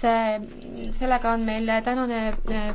see, sellega on meil tänane